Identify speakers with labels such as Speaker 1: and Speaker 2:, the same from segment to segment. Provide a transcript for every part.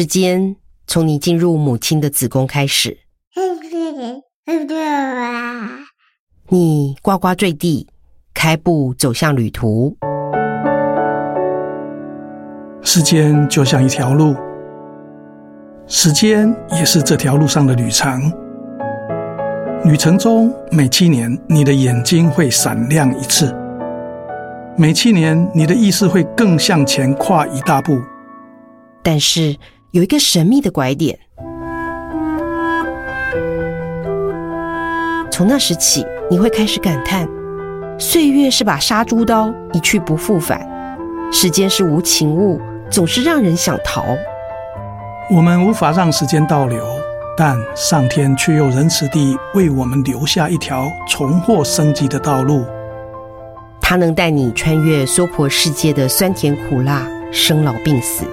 Speaker 1: 時間從你進入母親的子宮開始，你呱呱墜地，開步走向旅途。
Speaker 2: 時間就像一條路，時間也是這條路上的旅程。旅程中每七年，你的眼睛會閃亮一次；每七年，你的意識會更向前跨一大步。但是。有一個神秘的拐點，
Speaker 1: 從那時起，你會開始感嘆：歲月是把殺豬刀，一去不復返；時
Speaker 2: 間是無情物，總是讓人想逃。我們無法讓時間倒流，但上天卻又仁慈地為我們留下一條重獲生機的道路。它能帶你穿越娑婆世界的酸甜
Speaker 1: 苦辣、生老病死。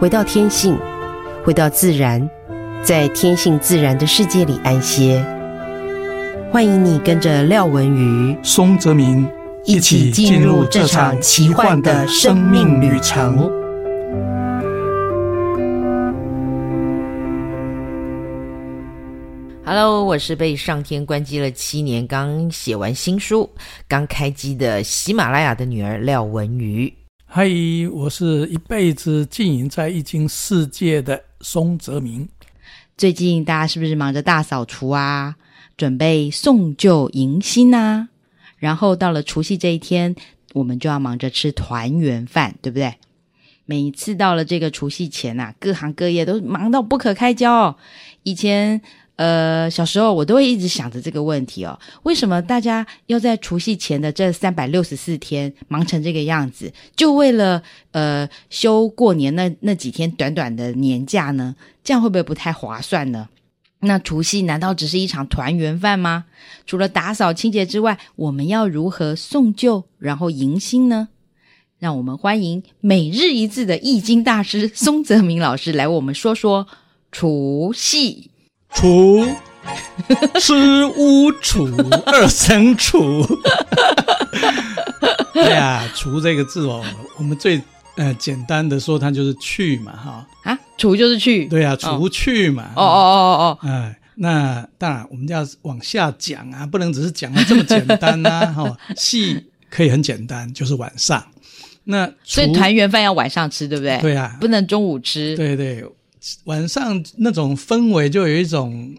Speaker 1: 回到天性，回到自然，在天性自然的世界裡安歇。歡迎你
Speaker 2: 跟着廖文瑜、松擇明一起進入這場奇幻的生命旅程。
Speaker 1: Hello，我是被上天關機了七年，剛寫完新書，剛開機的喜馬拉雅的女兒廖文瑜。嗨、hey，我是一輩子經營在易經世界的松擇明。最近大家是不是忙着大掃除啊？準備送舊迎新吶、啊？然後到了除夕這一天，我們就要忙着吃團圓飯，對不對？每一次到了這個除夕前吶、啊，各行各業都忙到不可開交。以前。呃，小時候我都會一直想着這個問題哦，為什麼大家要在除夕前的這三百六十四天忙成這個樣子，就為了呃休過年那那幾天短短的年假呢？這樣會不會不太划算呢？那除夕難道只是一場團圓飯嗎？除了打掃清潔之外，我們要如何送舊然後迎新呢？讓我們歡迎每日一字的易經大師松擇明老師來為我們說說除夕。除吃，h 除
Speaker 2: 二聲生除廚，對、 哎、呀，除這個字哦，我們最呃簡單的說，它就是去嘛，哈啊，除就是去，對呀、啊，除去嘛哦、嗯，哦哦哦哦，哎、呃，那當然我們要往下講啊，不能只是講的這麼簡單吶、啊，哈、 哦，夕可以很簡單，就是晚上，那
Speaker 1: 所以團圓飯要晚上吃，對不對？對呀、啊，不能中
Speaker 2: 午吃，對對，對。晚上那種氛圍就有一種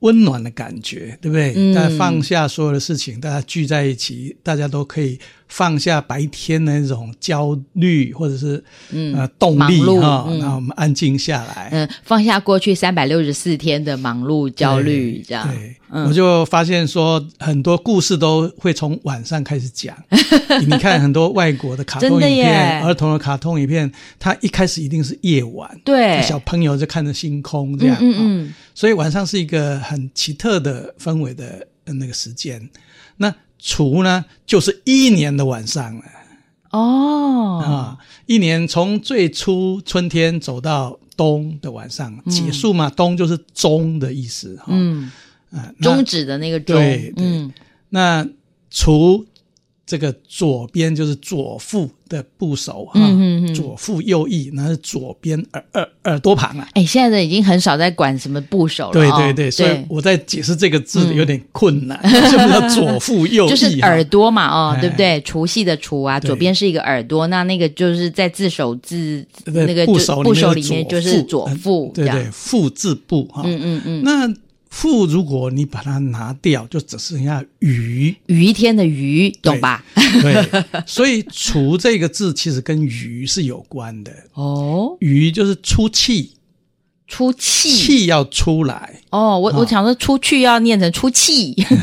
Speaker 2: 溫暖的感覺，對不對？嗯。大家放下所有的事情，大家聚在一起，大家都可以。放下白天的那種焦慮，或者是嗯、呃，動力哈，那我們安靜下來，嗯，
Speaker 1: 放下過去三百六十四天的忙碌焦慮，這樣。對
Speaker 2: 對、嗯，我就發現說很多故事都會從晚上開始講。 你看很多外國的卡通影片，兒童的卡通影片，它一開始一定是夜晚，對，小朋友就看着星空這樣，嗯嗯、嗯，所以晚上是一個很奇特的氛圍的那個時間，那。除呢，就是一年的晚上
Speaker 1: 了。
Speaker 2: 哦，啊，一年從最初春天走到冬的晚上結束嘛，嗯、冬就是終的意思。嗯，啊，終止的那個終。對對，對嗯、那除。這個左邊就是左阜的部首哈、嗯，左阜右邑，那是左邊耳耳耳朵旁啊，
Speaker 1: 哎，現在的已經很少在管什麼部首了。對對對，哦，對所以
Speaker 2: 我在解釋這個字有點困難，什麼叫左阜右耳？就是耳
Speaker 1: 朵嘛，哦，對，對不對？除夕的除啊，左邊是一個耳朵，那那個就是在字首字那個部部首裡面就是左阜，嗯、對對，
Speaker 2: 阜字部哈、哦。嗯嗯嗯，那。“阜”，如果你把它拿掉，就只剩下“余”“余天”的“余”，懂吧？對，對所以“除”這個字其實跟“余”是有關的哦，“余”就是出氣，出氣，氣要出來
Speaker 1: 哦。我我想說，出去要念成“出氣”，
Speaker 2: 啊、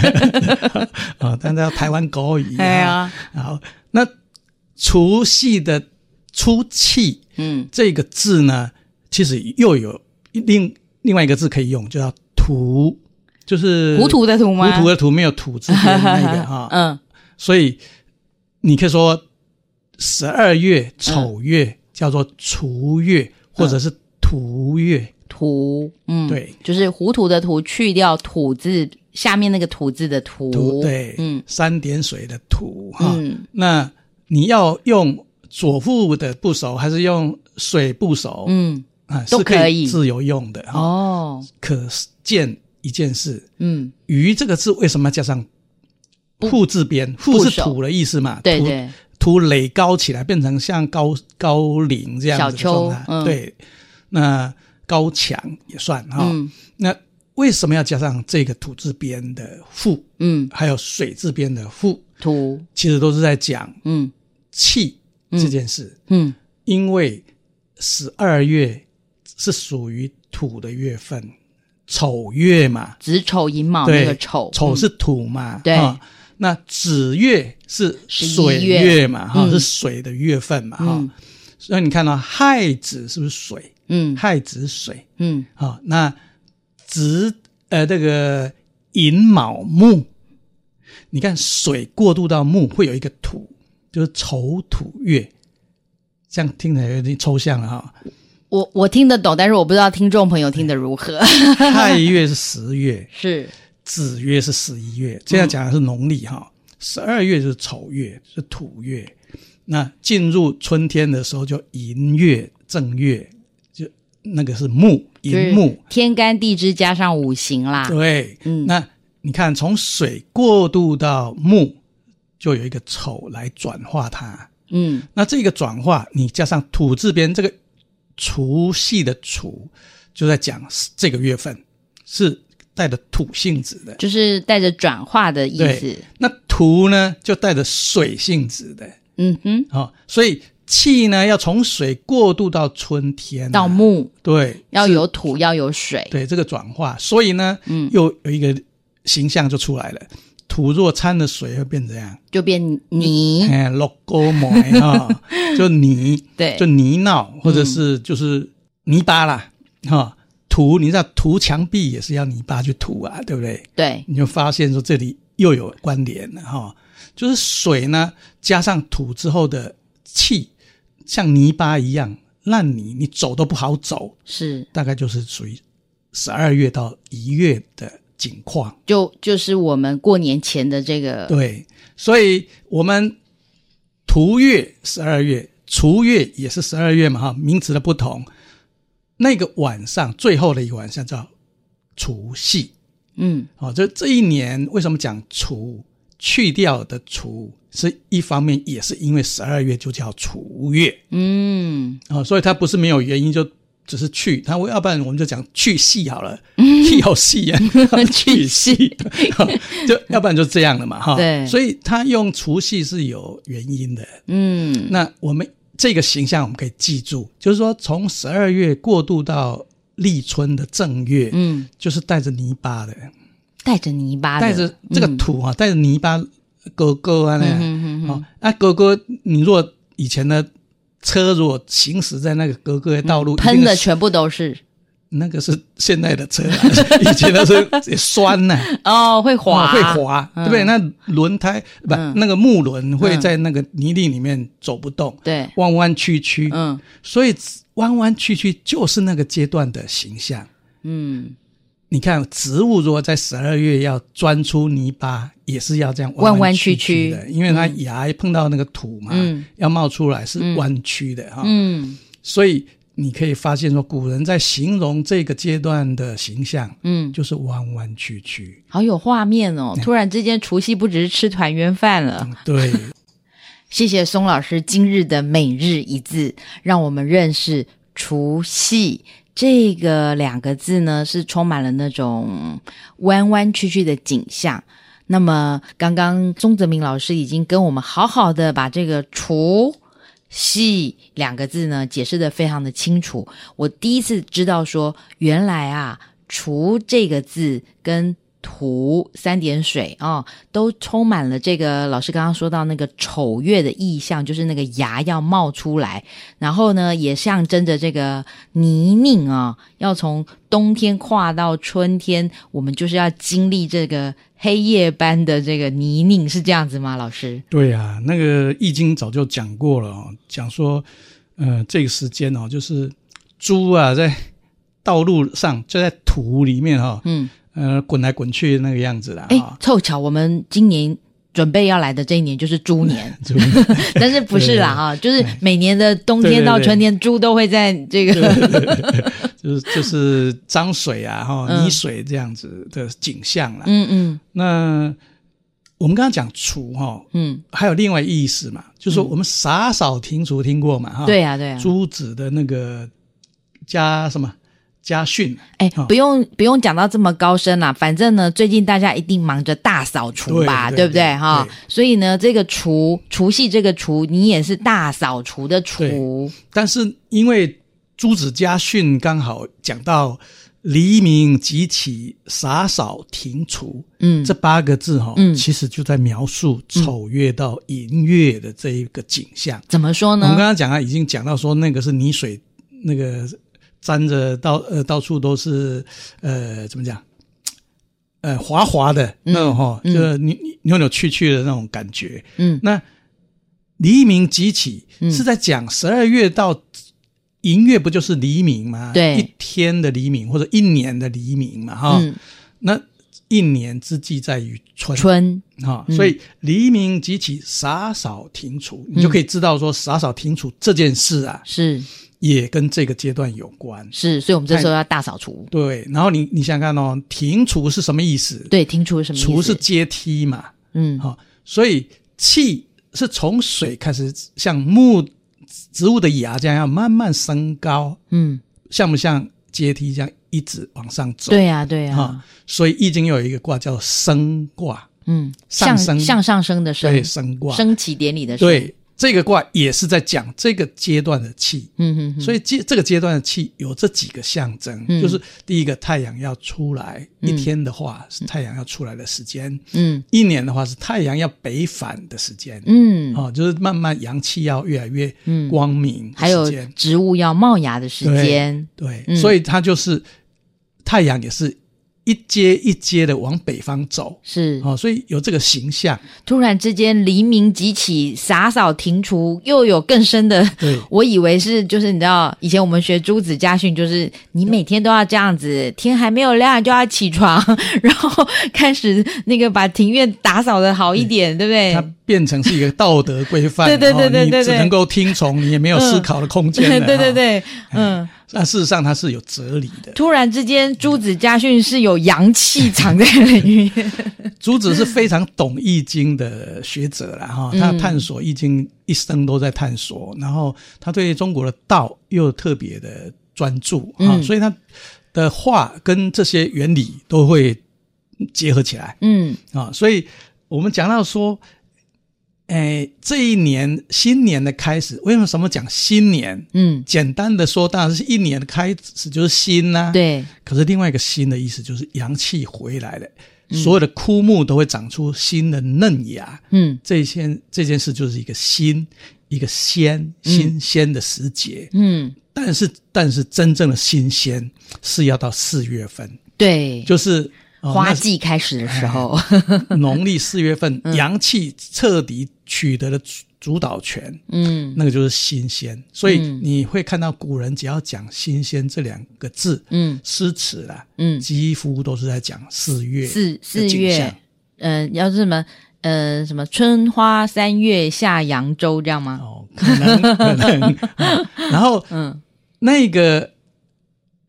Speaker 2: 哦 哦，但是要台灣國語、啊。對呀然後那“除夕”的“出氣”，嗯，這個字呢，其實又有另另外一個字可以用，就叫。土，就是糊塗的塗嗎？糊塗的塗沒有土字的那個 嗯，所以你可以說十二月丑月、嗯、叫做除月、嗯，或者是涂月。涂，嗯，對，嗯、
Speaker 1: 就是糊塗的塗去掉土字下面那個土字的
Speaker 2: 涂，涂。對，嗯，三點水的涂哈。嗯，那你要用左部的部首還是用水部首？嗯。啊，都可以，是可以自由用的哦，哦，可見一件事。嗯，除這個字為什麼要加上“阜”字邊？“阜”是土的意思嘛不？對對。土壘高起來，變成像高高嶺這樣子的狀態。小丘、嗯，對。那高牆也算哈、哦嗯。那為什麼要加上這個“阜”字邊的“阜”？嗯，還有“水”字邊的“阜”，其實都是在講嗯氣這件事。嗯，嗯嗯因為十二月。是屬於土的月份，丑月嘛，子丑寅卯那個丑，丑是土嘛、嗯哦，對。那子月是水月嘛，哈、哦嗯，是水的月份嘛，哈、嗯哦。所以你看到、哦、亥子是不是水？嗯，亥子水，嗯。好、哦，那子呃這個寅卯木，你看水過渡到木會有一個土，就是丑土月，這樣聽起來有點抽象了哈、哦。
Speaker 1: 我我聽得懂，但是我不知道聽眾
Speaker 2: 朋友聽得如何。亥月是十月， 是子月是十一月，這樣講的是農曆哈、哦。十、嗯、二月就是丑月，是土月。那進入春天的時候就寅月，月，正月就那個是木，寅木。
Speaker 1: 天干地支加上五行啦。
Speaker 2: 對，嗯，那你看從水過渡到木，就有一個丑來轉化它。嗯，那這個轉化你加上土字邊這個。除夕的“除”就在講這個月份是帶着土性質的，就是帶着轉化的
Speaker 1: 意思。那
Speaker 2: “土”呢，就帶着水性質的。嗯哼，哦、所以氣呢要從水過渡到春天，啊，到木，對，要有土，要有水，對這個轉化。所以呢，嗯，又有一個形象就出來了。嗯土若摻了水會變怎樣？
Speaker 1: 就變泥。哎、嗯，
Speaker 2: 落個霉哈，哦、 就泥。對，就泥鬧，或者是就是泥巴啦，哈、哦。土，你知道，塗牆壁也是要泥巴去塗啊，對不對？對。你就發現說這裡又有關聯了哈、哦，就是水呢加上土之後的氣，像泥巴一樣爛泥，你走都不好走。是。大概就是屬於十二月到一月的。景況
Speaker 1: 就就是我們過年前的
Speaker 2: 這個，對，所以我們除月十二月，除月也是十二月嘛，哈，名詞的不同。那個晚上最後的一個晚上叫除夕，嗯，好、哦，就這一年為什麼講除去掉的除，是一方面也是因為十二月就叫除月，嗯，啊、哦，所以它不是沒有原因就。只是去他，要不然我們就講去夕好了，嗯、 去夕系啊，去 夕， 就要不然就這樣了嘛，哈。對，所以他用除夕是有原因的，嗯。那我們這個形象我們可以記住，就是說從十二月過渡到立春的正月，嗯，就是帶着泥巴的，
Speaker 1: 帶着泥巴的，帶着這個
Speaker 2: 土啊、嗯，帶着泥巴，哥哥啊，那狗哥哥，你若以前呢？車如果行駛在那個溝溝的道路，噴的全部都是，是。那個是現在的車、啊， 以前都是酸吶、啊、 哦，會滑，會滑，嗯、對不對？那輪胎、嗯、不，那個木輪會在那個泥地裡面走不動、嗯彎彎曲曲，對，彎彎曲曲，嗯，所以彎彎曲曲就是那個階段的形象，嗯。你看，植物如果在十二月要鑽出泥巴，也是要這樣彎彎曲曲的，彎彎曲曲。因為它芽碰到那個土嘛、嗯，要冒出來是彎曲的哈。嗯，所以你可以發現說，古人在形容這個階段的形象，嗯，就是彎彎曲曲，好有畫面哦。嗯、
Speaker 1: 突然之間，除夕不只是吃團圓飯了。嗯、
Speaker 2: 對，
Speaker 1: 謝謝松老師今日的每日一字，讓我們認識除夕。這個兩個字呢，是充滿了那種彎彎曲曲的景象。那麼，剛剛松擇明老師已經跟我們好好的把這個“除”“夕”兩個字呢，解釋的非常的清楚。我第一次知道說，原來啊，“除”這個字跟。土三點水啊、哦，都充滿了這個老師剛剛說到那個丑月的意象，就是那個芽要冒出來，然後呢，也象徵着這個泥濘啊、哦，要從冬天跨到春天，我們就是要經歷這個黑夜般的這個泥濘，是這樣子嗎？老師？
Speaker 2: 對呀、啊，那個《易經》早就講過了、哦，講說，呃，這個時間哦，就是豬啊，在道路上就在土裡面哈、哦，嗯。呃，滾來滾去那個樣子啦。哎，湊巧我
Speaker 1: 們今年準備要來的這一年就是豬年，豬年 但是不是啦？哈，就是每年的冬天到春天，對對對對豬都會在這個對對
Speaker 2: 對對， 就是就是髒水啊，哈，泥水這樣子的景象啦。嗯嗯。那我們剛剛講“除”哈，嗯，還有另外意思嘛、嗯？就是我們“灑掃庭除”聽過嘛？哈，對呀、啊、對呀、啊。朱子的那個加什麼？家
Speaker 1: 訓、欸哦，不用不用講到這麼高深啦。反正呢，最近大家一定忙着大掃除吧，對對對，對不對哈、哦？所以呢，這個“除”，除夕這個“除”，你也是大掃
Speaker 2: 除的除“除”。但是因為《朱子家訓》剛好講到“黎明即起，灑掃庭除”，嗯，這八個字哈、哦嗯，其實就在描述丑月、嗯、到寅月的這一個景象。怎麼說呢？我們剛剛講啊，已經講到說那個是泥水那個。沾着到，呃到處都是，呃怎麼講，呃滑滑的、嗯、那種哈、嗯，就是扭扭扭扭曲曲的那種感覺。嗯，那黎明即起是在講十二月到寅月、嗯、不就是黎明嗎？對、嗯，一天的黎明或者一年的黎明嘛哈、嗯。那一年之計在於春，春哈、嗯，所以黎明即起，灑掃庭除，你就可以知道說灑掃庭除這件事啊、嗯、是。也跟這個階段有關，是，所以我們這時候要大掃除。對，然後你你想，想看哦，庭除是什麼意思？對，庭除是什麼意思？除是階梯嘛，嗯，好、哦，所以氣是從水開始像木植物的芽這樣要慢慢升高，嗯，像不像階梯這樣一直往上走？對、嗯、呀，對呀、啊，對啊、哦，所以易經有一個卦叫升卦，嗯，上升，向上升的升，對，升卦，升起典禮的升，對。這個卦也是在講這個階段的氣，嗯嗯，所以這這個階段的氣有這幾個象徵，嗯、就是第一個太陽要出來、嗯，一天的話是太陽要出來的時間，嗯，一年的話是太陽要北返的時間，嗯，哦，就是慢慢陽氣要越來越光明的時間，還有植物要冒芽的時間，對，對嗯、所以它就是太陽也是一階一階的往北方走，是哦。所以有這個形象。突然之間，黎明即起，灑掃庭除，又有更深
Speaker 1: 的。對，我以為是就是你知道，以前我們學《朱子家訓》，就是你每天都要這樣子，天還沒有亮就要起床，然後開始那個把庭院打掃的好一點，對，對不對？它
Speaker 2: 變成是一個道德規範， 對對對對，對，對，對你只能夠聽從，你也沒有思考的空間。嗯， 對，對對對，嗯。那事實上，他是有哲理的。
Speaker 1: 突然之間，《朱子家訓》是有陽氣藏在裡面。
Speaker 2: 朱 子是非常懂《易經》的學者了哈，他探索《易經》一生都在探索，然後他對中國的道又特別的專注啊，嗯，所以他的話跟這些原理都會結合起來。嗯，啊，所以我們講到說。哎、欸，這一年新年的開始，為什麼什麼講新年？嗯，簡單的說，當然是一年的開始，就是新吶、啊。對。可是另外一個“新”的意思，就是陽氣回來了、嗯，所有的枯木都會長出新的嫩芽。嗯，這些這件事就是一個新，一個鮮，新鮮的時節。嗯。但是，但是真正的新鮮是要到四月份。對。就是。哦、花季開始的時候， 農曆四月份，陽氣徹底取得了主主導權。嗯，那個就是新鮮，所以你會看到古人只要講“新鮮”這兩個字，嗯，詩詞啦，嗯，幾乎都是在講四月。四四月，嗯、呃，要
Speaker 1: 是什麼，呃，什麼“春花三月下揚州”這樣嗎？哦、可能可
Speaker 2: 能、 啊。然後，嗯，那個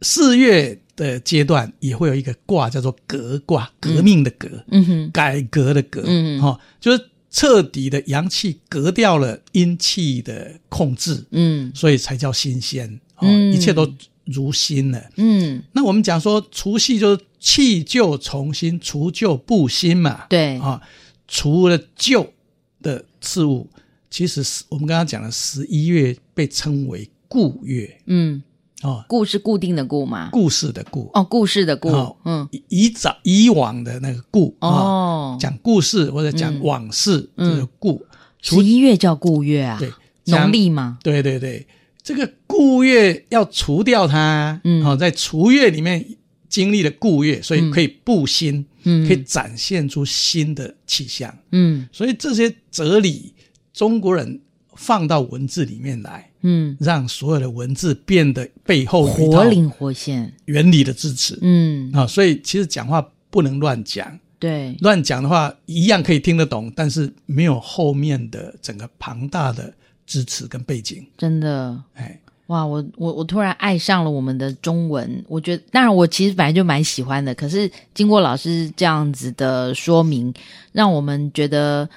Speaker 2: 四月。的階段也會有一個卦叫做革卦，革命的革，嗯嗯，改革的革，嗯哦，就是徹底的陽氣革掉了陰氣的控制，嗯，所以才叫新鮮，哦嗯、一切都如新了，嗯、那我們講說除夕就是棄舊從新，除舊布新嘛。對，哦，除了舊的事物，其實我們剛剛講了十一月被稱為固月，嗯
Speaker 1: 哦，故是固定的故嘛？
Speaker 2: 故事的故。哦，故事的故。嗯，以早以往的那個故哦，講故事或者講往事，這
Speaker 1: 個故。除一月叫故月啊？對，
Speaker 2: 農曆嘛。對對對，這個故月要除掉它，嗯，好、哦，在除月裡面經歷了故月，所以可以布新，嗯，可以展現出新的氣象，嗯，所以這些哲理，中國人。放到文字裡面來，嗯，讓所有的文字變得背後活靈活現，原理的支持，活活嗯啊、哦，所以其實講話不能亂講，對，亂講的話一樣可以聽得懂，但是沒有後面的整個龐大的支持跟背景，
Speaker 1: 真的，哎哇，我我我突然愛上了我們的中文，我覺得，那我其實本來就蠻喜歡的，可是經過老師這樣子的說明，讓我們覺得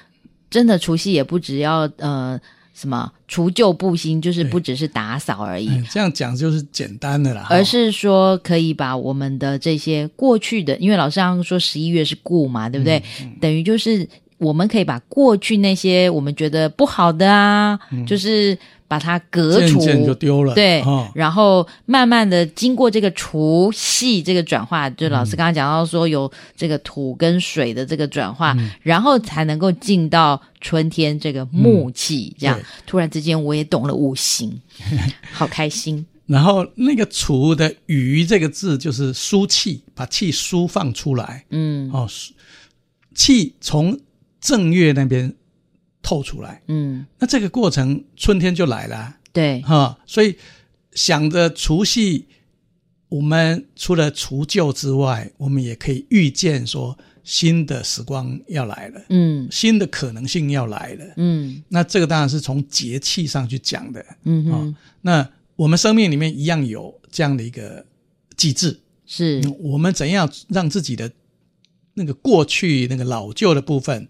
Speaker 1: 真的除夕也不只要呃。什麼除舊布新，就是不只是打掃而已。嗯、這樣講就是簡單的啦，而是說可以把我們的這些過去的，因為老師剛剛說十一月是過嘛，對不對、嗯嗯？等於就是我們可以把過去那些我們覺得不好的啊，嗯、就是。把它隔除，漸漸就丟了。對，哦、然後慢慢的經過這個除夕這個轉化、嗯，就老師剛剛講到說有這個土跟水的這個轉化，嗯、然後才能夠進到春天這個木氣、嗯。這樣，突然之間我也懂了五行，
Speaker 2: 好開心。然後那個“除”的“余”這個字就是輸氣，把氣輸放出來。嗯，哦，氣從正月那邊。透出來，嗯，那這個過程，春天就來了、啊，對，哈、哦，所以想着除夕，我們除了除舊之外，我們也可以預見說新的時光要來了，嗯，新的可能性要來了，嗯，那這個當然是從節氣上去講的，嗯、哦、那我們生命裡面一樣有這樣的一個機制，是、嗯，我們怎樣讓自己的那個過去那個老舊的部分。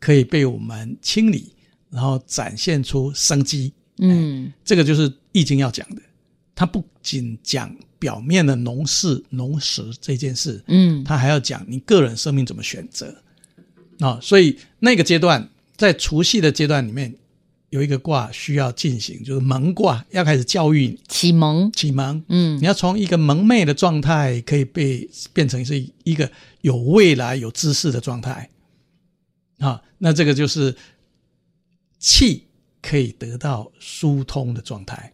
Speaker 2: 可以被我們清理，然後展現出生機。嗯，這個就是易經要講的。它不僅講表面的農事、農時這件事，嗯，它還要講你個人生命怎麼選擇。啊、哦，所以那個階段，在除夕的階段裡面，有一個卦需要進行，就是蒙卦，要開始教育你、啟蒙、啟蒙。嗯，你要從一個蒙昧的狀態，可以被變成是一個有未來、有知識的狀態。啊、哦，那這個就是氣可以得到疏通的狀態，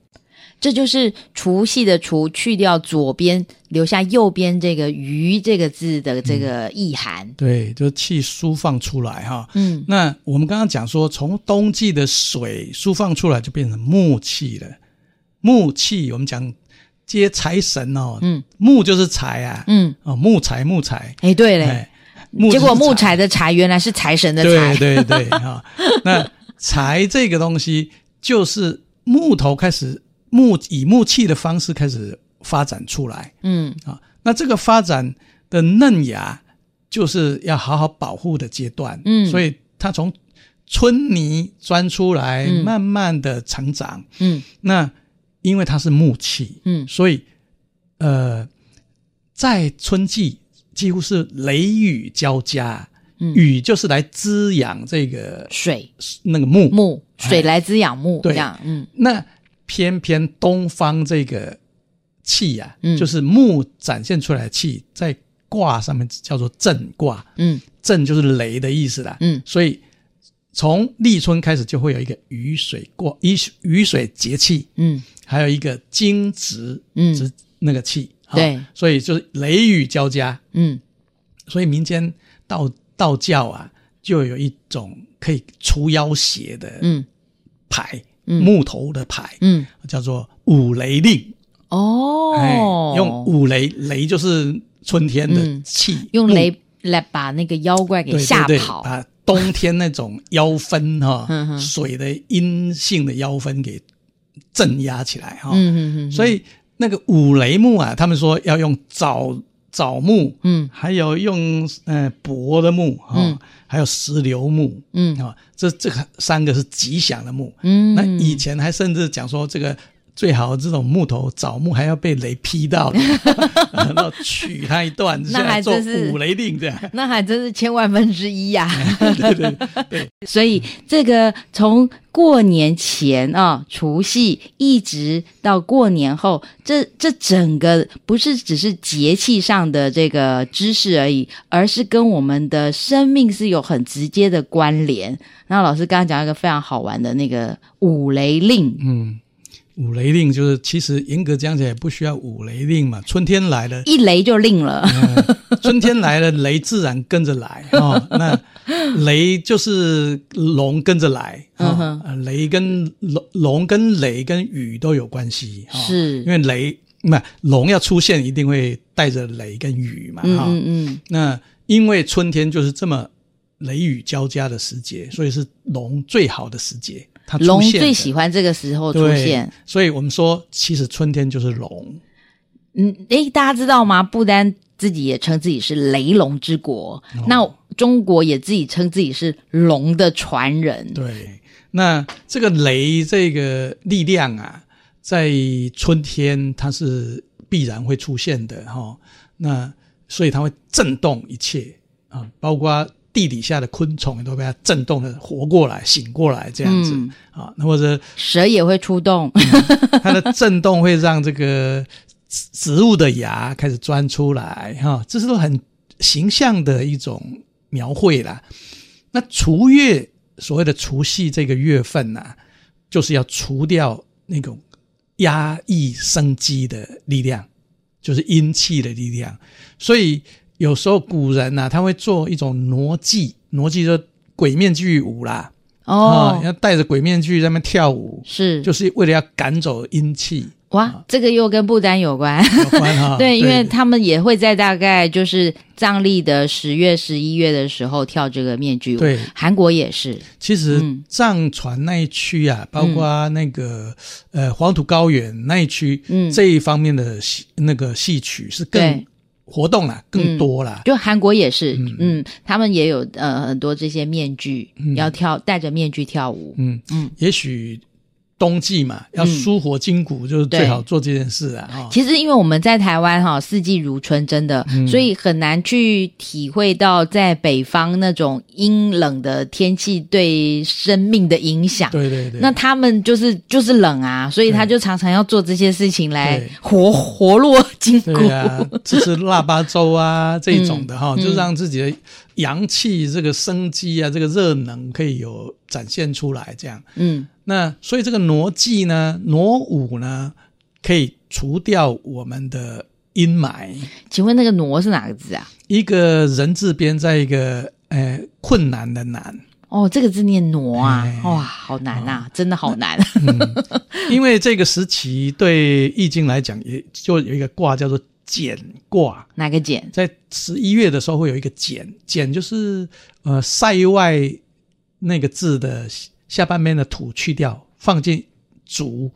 Speaker 1: 這就是除夕的除，去掉左邊留下右邊這個“余”這個字的這個意涵。嗯、
Speaker 2: 對，就是氣疏放出來哈、哦。嗯，那我們剛剛講說，從冬季的水疏放出來，就變成木氣了。木氣，我們講接財神哦。嗯，木就是財啊。嗯，哦，木材，木材。哎、欸，對嘞。哎結果木材的材“材”原來是財
Speaker 1: 神的“財”，對對對啊、 哦！
Speaker 2: 那“財”這個東西就是木頭開始木以木氣的方式開始發展出來，嗯啊、哦，那這個發展的嫩芽就是要好好保護的階段，嗯，所以它從春泥鑽出來，慢慢的成長，嗯，嗯，那因為它是木氣，嗯，所以呃，在春季。幾乎是雷雨交加，嗯、雨就是來滋養這個水，那個木木、哎、水來滋養木，對，嗯。那偏偏東方這個氣呀、啊，嗯，就是木展現出來的氣，在卦上面叫做震卦，嗯，震就是雷的意思啦。嗯。所以從立春開始就會有一個雨水卦，雨水節氣，嗯，還有一個驚蟄嗯，那個氣。對，所以就是雷雨交加，嗯，所以民間道道教啊，就有一種可以除妖邪的，嗯，牌，木頭的牌，嗯，叫做五雷令，哦，哎、用五雷，雷就是春天的氣、嗯，用
Speaker 1: 雷來把那個妖怪給嚇跑。對對對，
Speaker 2: 把冬天那種妖氛哈、哦， 水的陰性的妖氛給鎮壓起來哈，嗯嗯嗯，所以。那個五雷木啊，他們說要用棗棗木，嗯，還有用呃柏的木啊、嗯，還有石榴木，嗯啊、哦，這這個三個是吉祥的木。嗯，那以前還甚至講說這個。最好這種木頭，棗木還要被雷劈到， 然後取它一段， 那還真是做五雷令這樣。
Speaker 1: 那還真是千萬分之一呀、啊！ 對對對對 所以這個從過年前啊、哦，除夕一直到過年後，這這整個不是只是節氣上的這個知識而已，而是跟我們的生命是有很直接的關聯。然後老師剛剛講一個非常好玩的那個五雷令，
Speaker 2: 嗯。五雷令就是，其實嚴格講起來也不需要五雷令嘛。春天來了，一雷就令了。 嗯、春天來了，雷自然跟着來啊、哦。那雷就是龍跟着來啊、哦嗯。雷跟龍，龍跟雷跟雨都有關係。哦、是因為雷，嘛，龍要出現一定會帶着雷跟雨嘛、哦。嗯嗯。那因為春天就是這麼雷雨交加的時節，所以是龍最好的時節。龍最喜歡
Speaker 1: 這個時候出現，
Speaker 2: 所以我們說，其實春天就是龍。
Speaker 1: 嗯，哎，大家知道嗎？不丹自己也稱自己是雷龍之國、哦，那中國也自己稱自己是龍的傳人。對，
Speaker 2: 那這個雷這個力量啊，在春天它是必然會出現的哈、哦。那所以它會震動一切啊、哦，包括。地底下的昆蟲都被它震動得活過來、醒過來這樣子、嗯、啊，那或者蛇也會出洞、 嗯，它的震動會讓這個植植物的芽開始鑽出來哈、啊，這是很形象的一種描繪了。那除月所謂的除夕這個月份呢、啊，就是要除掉那種壓抑生機的力量，就是陰氣的力量，所以。有時候古人吶、啊，他會做一種儺祭，儺祭就是鬼面具舞啦哦，哦，要戴着鬼面具在那跳舞，是，就是為了要趕走陰氣。哇，哦、這
Speaker 1: 個又跟不丹有
Speaker 2: 關，有關哈、哦。 對，因為
Speaker 1: 他們也會在大概就是藏曆的十月、十一月的時候跳這個面具舞。對，
Speaker 2: 韓國也是。其實、嗯、藏傳那一區啊，包括那個、嗯、呃黃土高原那一區，嗯，這一方面的戲那個戲曲是更。活動啊更多了、嗯，
Speaker 1: 就韓國也是嗯，嗯，他們也有呃很多這些面具，嗯、要跳戴着面具跳舞，嗯嗯，也許。冬季嘛，要舒
Speaker 2: 活筋骨，就是最好、嗯、做這件事啊。哦、其
Speaker 1: 實，因為我們在台灣哈、哦，四季如春，真的、嗯，所以很難去體會到在北方那種陰冷的天氣對生命的影響。對對對。那他們就是就是冷啊，所以他就常常要做這些事情來活活絡筋骨。對啊，
Speaker 2: 就 是臘八粥啊、嗯、這一種的哈、哦嗯，就讓自己的陽氣、這個生機啊、嗯、這個熱能可以有展現出來。這樣，嗯。那所以這個儺祭呢，儺舞呢，可以除掉我們的陰霾。請問那個儺是哪個字啊？一個人字邊在一個，呃、哎，困難的難。
Speaker 1: 哦，這個字念儺啊，哎、哇，
Speaker 2: 好難啊，哦、真的好難、嗯 嗯。因為這個時期對《易經》來講，也就有一個卦叫做蹇卦。哪個蹇？在十一月的時候會有一個蹇。蹇就是呃，塞外那個字的下半邊的土去掉，放進足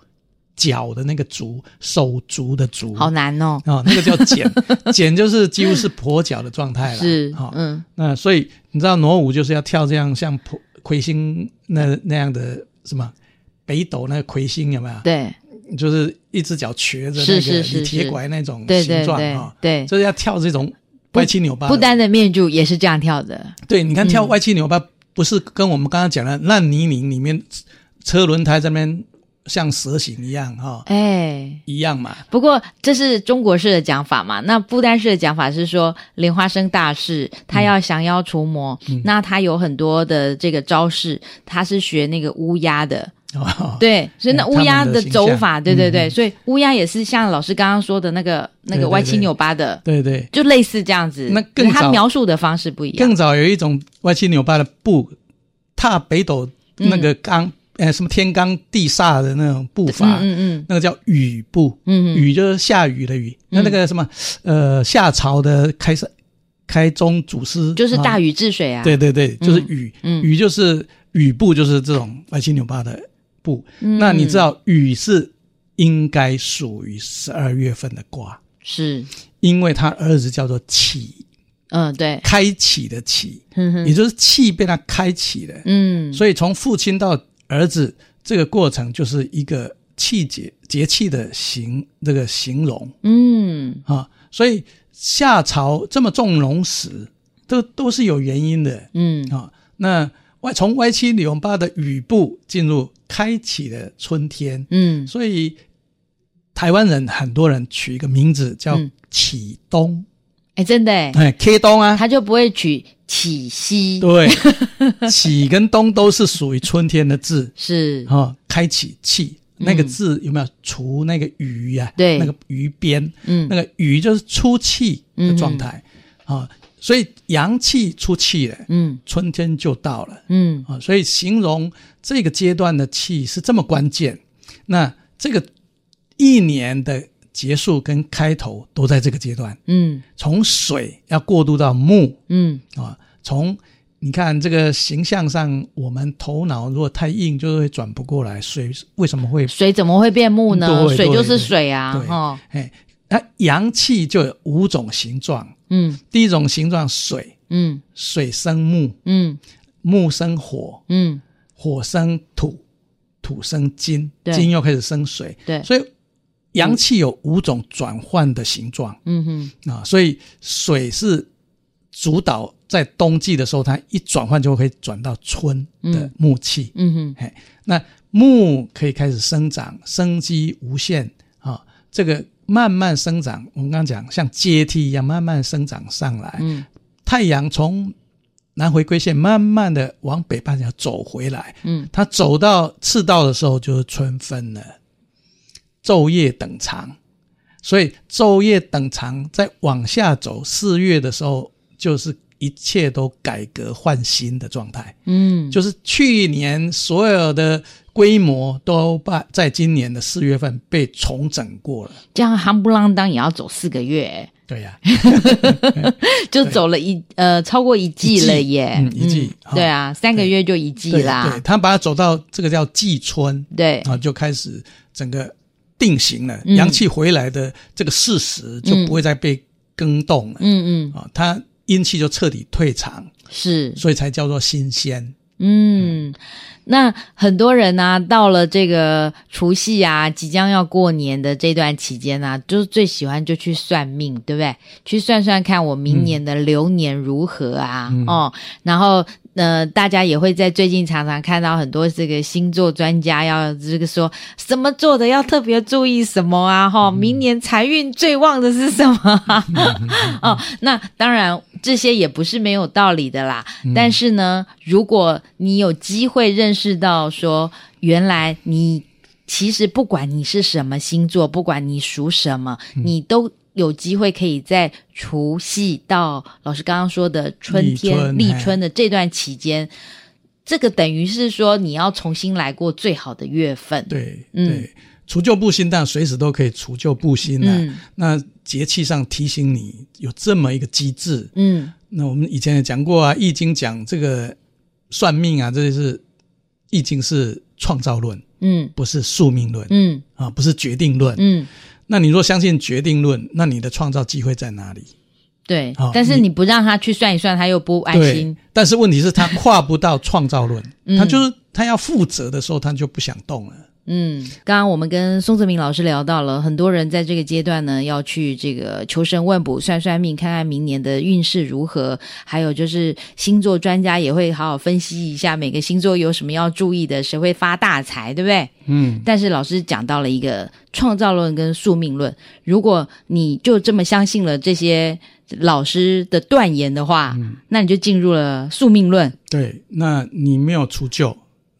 Speaker 2: 腳的那個足手足的足，好
Speaker 1: 難哦，哦，那個叫“
Speaker 2: 剪剪”， 剪就是幾乎是跛腳的狀態了。是嗯，那所以你知道，儺舞就是要跳這樣像魁星那那樣的什麼北斗那魁星有沒有？對，就是一只腳瘸着那個鐵拐那種形狀啊、哦，對，就是要跳這種歪七扭八。不丹
Speaker 1: 的面具也是這樣跳的，對，你看跳歪
Speaker 2: 七扭八。嗯不是跟我們剛剛講的爛泥濘裡面車輪胎這邊像蛇形一樣哈、
Speaker 1: 哦，哎、欸，一樣嘛。不過這是中國式的講法嘛，那不丹式的講法是說，蓮花生大士他要降妖除魔、嗯嗯，那他有很多的這個招式，他是學那個烏鴉的。哦， 對，所以那烏鴉的走法，對對對，所以烏鴉也是像老師剛剛說的那個那個歪七扭八的，對，對對，就類似這樣子。那更他描述
Speaker 2: 的方式不一樣，更早有一種歪七扭八的步，踏北斗那個罡，呃、嗯，欸、什麼天罡地煞的那種步伐，嗯，嗯嗯，那個叫雨步，嗯嗯，雨就是下雨的雨、嗯。那那個什麼，呃，夏朝的開山開宗祖師，就是大禹治水啊，對對對，就是禹，嗯嗯，禹就是雨步，就是這種歪七扭八的。嗯、那你知道雨是應該屬於十二月份的卦，是因為他兒子叫做啟，嗯、呃，對，開啟的啟，也就是氣被他開啟了，嗯，所以從父親到兒子這個過程就是一個氣節節氣的形，這個形容，嗯，啊、哦，所以夏朝這麼縱容時，都都是有原因的，嗯，啊、哦，那外從外七里文八的雨部進入，開啟的春天，嗯，所以台灣人很多人取一個名字叫啟東，哎、
Speaker 1: 嗯，欸、真的、欸，哎，開東啊，他就不會取
Speaker 2: 啟西，對，啟 跟東都是屬於春天的字，是哈、哦，開啟氣、嗯、那個字有沒有除那個魚呀、啊？對，那個魚邊，嗯，那個魚就是出氣的狀態啊。嗯所以陽氣出氣了，嗯，春天就到
Speaker 1: 了，嗯啊、哦，
Speaker 2: 所以形容這個階段的氣是這麼關鍵。那這個一年的結束跟開頭都在這個階段，嗯，從水要過渡到木，嗯啊、哦，從你看這個形象上，我們頭腦如果太硬，就會轉不過來。水為什麼會水怎麼
Speaker 1: 會變木呢？水就是水啊，
Speaker 2: 哈、哦，哎，那陽氣就有五種形狀。嗯，第一種形狀水，嗯，水生木，嗯，木生火，嗯，火生土，土生金，對，金又開始生水，對，所以陽氣有五種轉換的形狀，嗯哼，啊，所以水是主導，在冬季的時候，它一轉換就可以轉到春的木氣，嗯，嗯哼，嘿，那木可以開始生長，生機無限，啊，這個。慢慢生長，我們剛剛講像階梯一樣慢慢生長上來，嗯。太陽從南回歸線慢慢的往北半球走回來。嗯，它走到赤道的時候就是春分了，晝夜等長。所以晝夜等長再往下走，四月的時候就是一切都改革換新的狀態。嗯，就是去年所有的。規模都把在今年的四月份被重整過了，這樣夯不啷當也要走四個月。對呀、
Speaker 1: 啊， 就走了一呃超過一季了耶，一季、嗯嗯一季嗯哦。對啊，三個月就一季啦。對對
Speaker 2: 他把它走到這個叫季春，對啊、哦，就開始整個定型了，陽、嗯、氣回來的這個事實就不會再被更動了。嗯嗯，啊、哦，它陰氣就徹底退場，是，所以才叫做新鮮。
Speaker 1: 嗯。嗯那很多人呢、啊,到了這個除夕啊，即將要過年的這段期間呢、啊,就是最喜歡就去算命，對不對？去算算看我明年的流年如何啊？嗯、哦，然後呃，大家也會在最近常常看到很多這個星座專家要這個說什麼座的要特別注意什麼啊？哈、哦，明年財運最旺的是什麼？啊，嗯 哦、那當然。這些也不是沒有道理的啦、嗯，但是呢，如果你有機會認識到說，原來你其實不管你是什麼星座，不管你屬什麼，嗯、你都有機會可以在除夕到老師剛剛說的春天立春、立春的這段期間，哎，這個等於是說你要重新來過最好的月份。對，
Speaker 2: 嗯、對，除舊佈新，但隨時都可以除舊佈新呢、啊嗯。那。節氣上提醒你有這麼一個機制。嗯，那我們以前也講過啊，《易經》講這個算命啊，這就是《易經》是創造論，嗯，不是宿命論，嗯啊，不是決定論，嗯。那你若相信決定論，那你的創造機會在哪裡？
Speaker 1: 對，啊、但是你不讓他去算一算，他又不安心。
Speaker 2: 但是問題是，他跨不到創造論，嗯，他就是他要負責的時候，他就不想動了。
Speaker 1: 嗯，剛剛我們跟松擇明老師聊到了，很多人在這個階段呢要去這個求神問卜、算算命，看看明年的運勢如何，還有就是星座專家也會好好分析一下每個星座有什麼要注意的，誰會發大財，對不對？嗯。但是老師講到了一個創造論跟宿命論，如果你就這麼相信了這些老師的斷言的話，嗯、那你就進入了宿命論。
Speaker 2: 對，那你沒有除舊。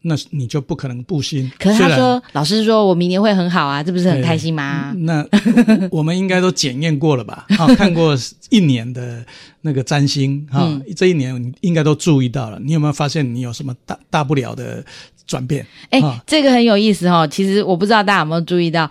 Speaker 2: 那你就不可能不興。可是他說，
Speaker 1: 老師說我明年會很好啊，這不是很開心嗎？對對，
Speaker 2: 那 我，我們應該都檢驗過了吧？啊、哦，看過一年的那個占星哈、哦嗯，這一年應該都注意到了。你有沒有發現你有什麼大大不了的轉變？誒、哎哦，
Speaker 1: 這個很有意思哦。其實我不知道大家有沒有注意到，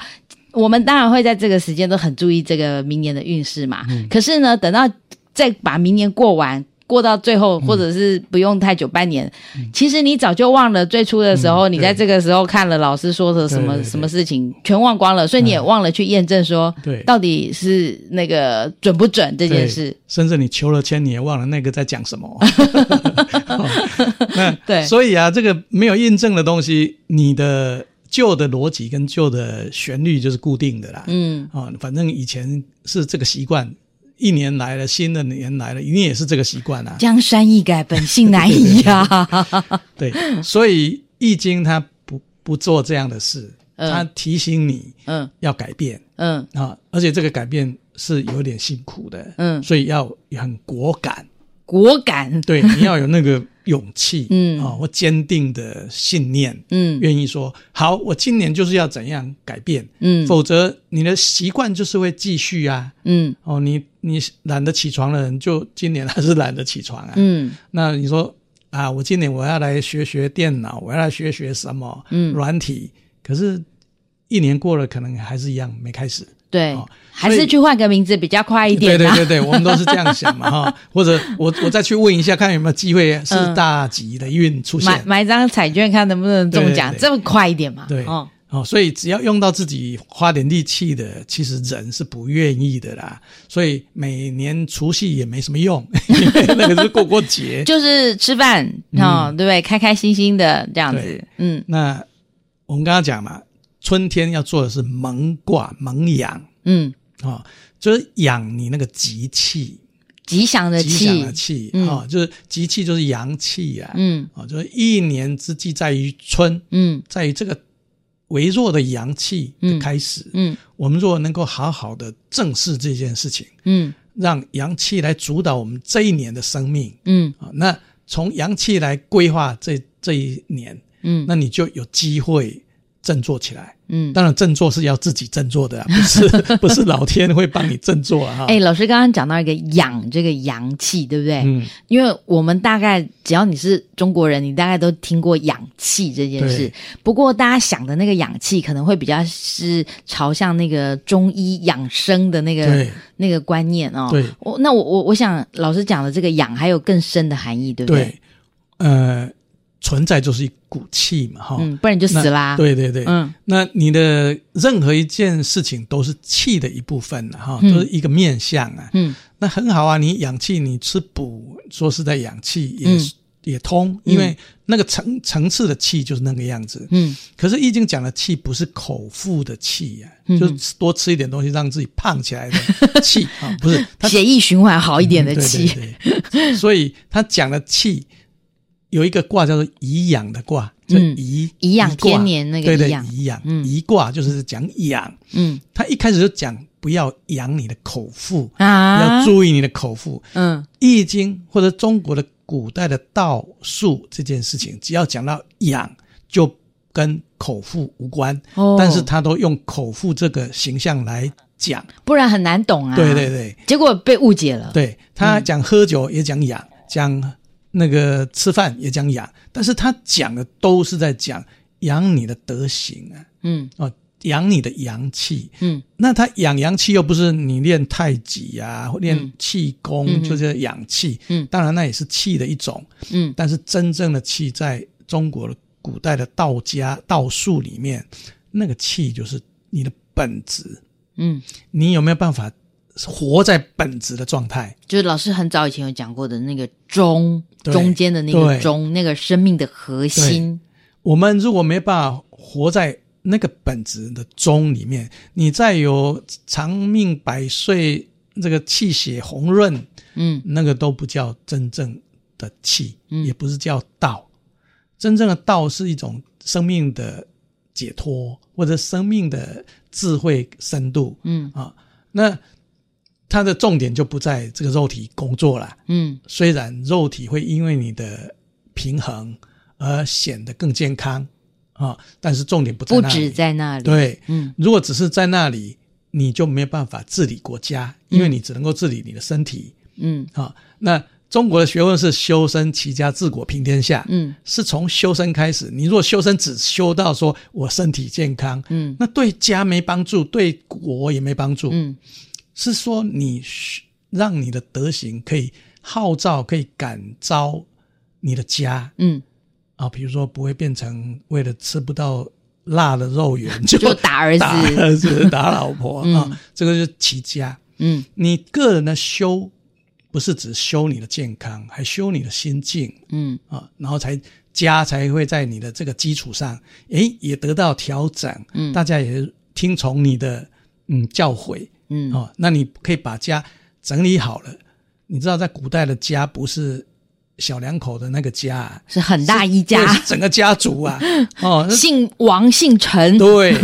Speaker 1: 我們當然會在這個時間都很注意這個明年的運勢嘛。嗯、可是呢，等到再把明年過完。過到最後，或者是不用太久，嗯，半年，其實你早就忘了最初的時候，嗯、你在這個時候看了老師說的什麼，對對對對，什麼事情，全忘光了，所以你也忘了去驗證說，嗯，到底是那個準不準這件事，
Speaker 2: 甚至你求了籤，你也忘了那個在講什麼。 對， 所以啊，這個沒有印證的東西，你的舊的邏輯跟舊的旋律就是固定的啦。嗯，哦、反正以前是這個習慣。一年來了，新的年來了，你也是這個習慣啊？
Speaker 1: 江山易改，本性難移啊！
Speaker 2: 對，所以《易經》它不、不做這樣的事，它、呃、提醒你，嗯、呃，要改變，嗯、呃、啊，而且這個改變是有點辛苦的，嗯、呃，所以要很果敢，果敢，對，你要有那個。 勇氣，嗯啊，或、哦、堅定的信念，嗯，願意說好，我今年就是要怎樣改變，嗯，否則你的習慣就是會繼續啊，嗯，哦，你你懶得起床的人，就今年還是懶得起床啊，嗯，那你說啊，我今年我要來學學電腦，我要來學學什麼，嗯，軟體，可是一年過了，可能還是一樣沒開始。
Speaker 1: 對、哦，還是去換個名字比較快一點。對對對對，我們都是這樣想嘛
Speaker 2: 哈。 或者我我再去問一下，看有沒有機會是大吉的運出現、嗯。買
Speaker 1: 買一張彩券，看能不能中獎，這麼快一點嘛。對哦，哦，所以
Speaker 2: 只要用到自己花點力氣的，其實人是不願意的啦。所以每年除夕也沒什麼用，那個是過過節， 就
Speaker 1: 是吃飯啊、嗯哦，對不對？開開心心的這樣子。嗯，
Speaker 2: 那我們剛剛講嘛。春天要做的是蒙卦蒙養，嗯啊、哦，就是養你那個吉氣，吉祥的氣，吉祥的氣啊、嗯哦，就是吉氣就是陽氣啊，嗯啊、哦，就是一年之計在於春，嗯，在於這個微弱的陽氣的開始，嗯，嗯，我們如果能夠好好的正視這件事情，嗯，讓陽氣來主導我們這一年的生命，嗯啊、哦，那從陽氣來規劃這這一年，嗯，那你就有機會振作起來。嗯，當然振作是要自己振作的，不是不是老天會幫你振作啊。哎、 欸，
Speaker 1: 老師剛剛講到一個養這個陽氣，對不對？嗯。因為我們大概只要你是中國人，你大概都聽過養氣這件事。不過大家想的那個養氣，可能會比較是朝向那個中醫養生的那個那個觀念哦。對。我那我我我想老師講的這個養還有更深的含義，對不對？
Speaker 2: 對。呃。存在就是一股氣嘛，哈、嗯，不然你就死啦、啊。對對對，嗯，那你的任何一件事情都是氣的一部分的、啊、哈、嗯，都是一個面相啊。嗯，那很好啊，你養氣，你吃補，說是在養氣也，也、嗯、也通，因為那個層、嗯、層次的氣就是那個樣子。嗯，可是《易經》講的氣不是口腹的氣啊，嗯、就是、多吃一點東西讓自己胖起來的氣啊，嗯、 不是血液循環好一點的氣、嗯。對對對 所以他講的氣。有一個卦叫做“頤養”的卦，就“頤，頤養天年”那個“對對，頤養”。嗯，頤卦就是講養。嗯，他一開始就講不要養你的口腹啊，要注意你的口腹。嗯，《易經》或者中國的古代的道術這件事情，只要講到養，就跟口腹無關。哦，但是他都用口腹這個形象來講，不
Speaker 1: 然很難懂啊。對對對，
Speaker 2: 結果被誤解了。對，他講喝酒也講養，講。那個吃飯也講養，但是他講的都是在講養你的德行啊，嗯，哦，養你的陽氣，嗯，那他養陽氣又不是你練太極啊，或練氣功，嗯，就是養氣，嗯，當然那也是氣的一種，嗯，但是真正的氣在中國古代的道家道術裡面，那個氣就是你的本質，嗯，你有沒有辦法，活在本質的狀態，
Speaker 1: 就是老師很早以前有講過的那個中，中間的那個中，那個生命
Speaker 2: 的核心。我們如果沒辦法活在那個本質的中裡面，你再有長命百歲，這個氣血紅潤，嗯，那個都不叫真正的氣，嗯，也不是叫道。真正的道是一種生命的解脫，或者生命的智慧深度。嗯啊，那。它的重點就不在這個肉體工作了，嗯，雖然肉體會因為你的平衡而顯得更健康，啊，但是重點不在那裡。不止在那裡。對，嗯，如果只是在那裡，你就沒有辦法治理國家，因為你只能夠治理你的身體，嗯，啊，那中國的學問是修身齊家治國平天下，嗯，是從修身開始。你如果修身只修到說我身體健康，嗯，那對家沒幫助，對國也沒幫助，嗯。是說你讓你的德行，可以號召，可以感召你的家，嗯，啊，比如說不會變成為了吃不到辣的肉圓就，就打兒子、打兒子、打老婆、嗯、啊，這個就是齊家。嗯，你個人的修不是只修你的健康，還修你的心境，嗯啊，然後才家才會在你的這個基礎上，哎，也得到調整，嗯，大家也聽從你的嗯教誨。嗯哦，那你可以把家整理好了。你知道，在古代的家不是小兩口的那個家、啊，是很大一家，整個家族啊。哦，姓王姓陳，對，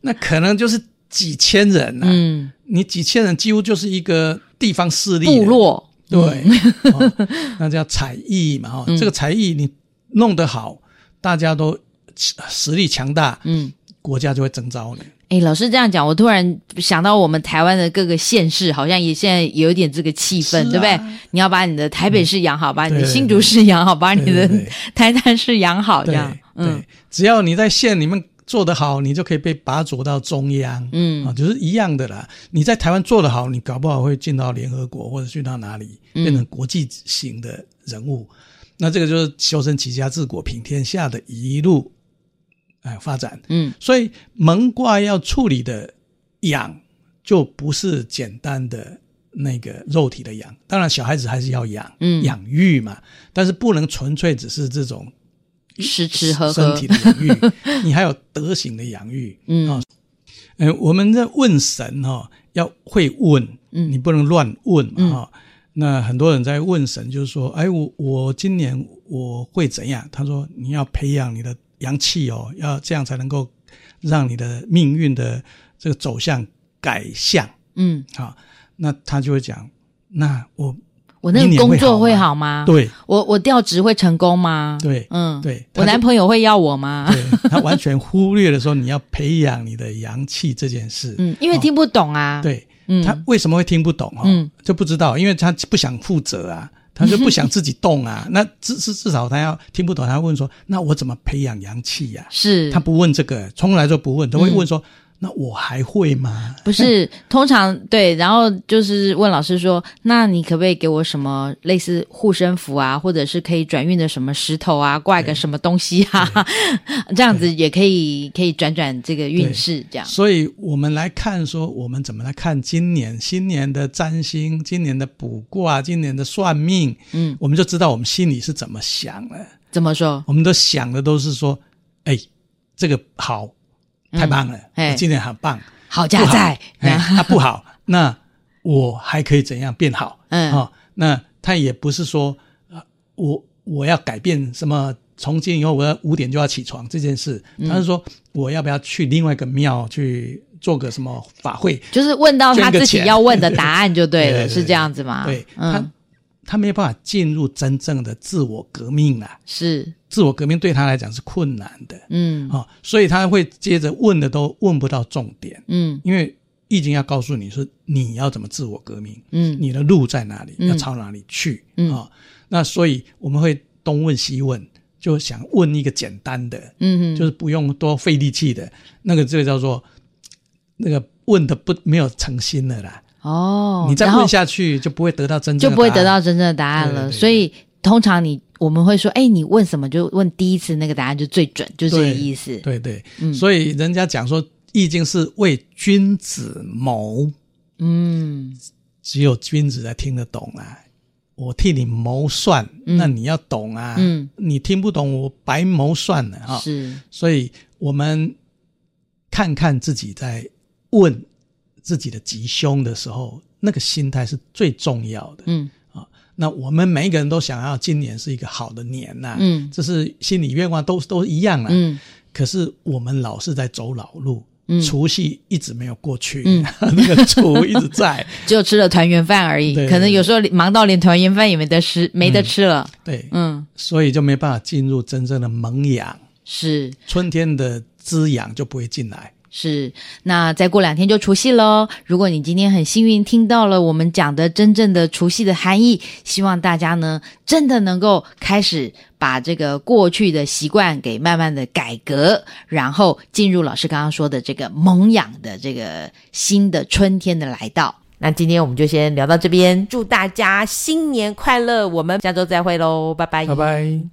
Speaker 2: 那可能就是幾千人啊。嗯，你幾千人幾乎就是一個地方勢力部落。對，嗯哦、那叫采邑嘛哈、哦嗯。這個采邑你弄得好，大家都實力強大，嗯，國家就會徵召你。
Speaker 1: 哎，老師這樣講，我突然想到我們台灣的各個縣市，好像也現在有一點這個氣氛、啊，對不對？你要把你的台北市養好，嗯、把你的新竹市養好，對對對對把你的台南市養好對對對，這樣。對,對、
Speaker 2: 嗯，只要你在縣裡面做得好，你就可以被拔擢到中央。嗯，啊，就是一樣的啦。你在台灣做得好，你搞不好會進到聯合國，或者去到哪裡，變成國際型的人物。嗯、那這個就是修身齊家治國平天下的一路。哎，發展，嗯，所以蒙卦要處理的養，就不是簡單的那個肉體的養，當然小孩子還是要養，嗯，養育嘛，但是不能純粹只是這種吃吃喝喝、身體的養育， 你還有德行的養育，嗯嗯、哦呃、我們在問神哈、哦，要會問，嗯，你不能亂問，嗯、哦，那很多人在問神，就是說，哎，我我今年我會怎樣？他說，你要培養你的。陽氣哦，要這樣才能夠讓你的命運的這個走向改向。嗯，好、哦，那他就會講，那我我那個工作會好，會好嗎？對，
Speaker 1: 我我調職會成功嗎？對，嗯，對，我男朋友會要我嗎？
Speaker 2: 對，他完全忽略了說你要培養你的陽氣這件事。嗯，因為聽不懂啊。哦嗯、對，他為什麼會聽不懂？哦、嗯，就不知道，因為他不想負責啊。 他就不想自己動啊，那至至至少他要聽不懂，他問說：那我怎麼培養陽氣呀？是，他不問這個，從來都不問，他會問說。嗯那我還會嗎？
Speaker 1: 不是，通常對，然後就是問老師說：“那你可不可以給我什麼類似護身符啊，或者是可以轉運的什麼石頭啊，掛一個什麼東西啊，這樣子也可以可以轉轉這個運勢這樣。”所
Speaker 2: 以，我們來看說，我們怎麼來看今年新年的占星、今年的卜卦、今年的算命，嗯，我們就知道我們心裡是怎麼想的。怎麼說？我們都想的都是說：“哎，這個好。”太棒了，嗯、今天很棒，好家在、嗯，他不好，那我還可以怎樣變好？嗯，哦、那他也不是說，啊，我我要改變什麼？從今以後我要五點就要起床這件事，嗯、他是說我要不要去另外一個廟去做個什麼法會？就是問到他自己要問的答案就對了， 對對對對，是這樣子嗎？對，嗯。他沒有辦法進入真正的自我革命了，是自我革命對他來講是困難的，嗯、哦、所以他會接着問的都問不到重點，嗯，因為易經要告訴你說你要怎麼自我革命，嗯，你的路在哪裡，嗯、要朝哪裡去啊、嗯哦？那所以我們會東問西問，就想問一個簡單的，嗯，就是不用多費力氣的那個，這個叫做那個問的不沒有誠心的啦。哦、oh，你再問下去就不會得到真正的答案，就不會得到真正的答案了。對對對，所以
Speaker 1: 通常你我們會說，哎，你問什麼就問第一次，那個答案就最準，就是、這個意思。對
Speaker 2: 對、對、嗯，所以人家講說《易經》是為君子謀，嗯，只有君子才聽得懂啊。我替你謀算、嗯，那你要懂啊。嗯，你聽不懂我白謀算了哈。是，所以我們看看自己在問。自己的吉凶的時候，那個心態是最重要的。嗯啊、哦，那我們每一個人都想要今年是一個好的年吶、啊。嗯，這是心理願望都都一樣了。嗯，可是我們老是在走老路，嗯，除夕一直沒有過去，嗯、呵呵那個“除”一直在，
Speaker 1: 就吃了團圓飯而已。對，可能有時候忙到連團圓飯也沒得吃、嗯，沒得吃了。
Speaker 2: 對，嗯，所以就沒辦法進入真正的萌芽，是春天的滋養就不會進來。是，
Speaker 1: 那再過兩天就除夕嘍。如果你今天很幸運聽到了我們講的真正的除夕的含義，希望大家呢真的能夠開始把這個過去的習慣給慢慢的改革，然後進入老師剛剛說的這個萌芽的這個新的春天的來到。那今天我們就先聊到這邊，祝大家新年快樂！我們下周再會嘍，拜拜，拜拜。